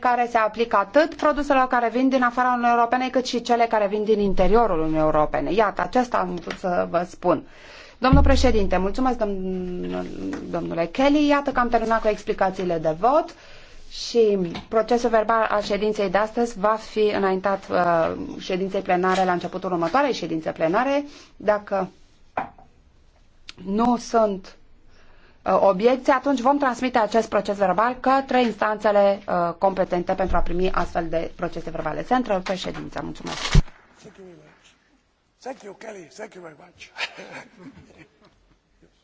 care se aplică atât produselor care vin din afara Uniunii Europene, cât și cele care vin din interiorul Uniunii Europene. Iată, acesta am vrut să vă spun. Domnul președinte, mulțumesc domnule Kelly. Iată că am terminat cu explicațiile de vot și procesul verbal al ședinței de astăzi va fi înaintat uh, ședinței plenare la începutul următoarei ședințe plenare. Dacă nu sunt Uh, obiecții, atunci vom transmite acest proces verbal către instanțele uh, competente pentru a primi astfel de procese verbale. Se întrerupe ședința. Mulțumesc! Thank you very much. Thank you, Kelly. Thank you very much.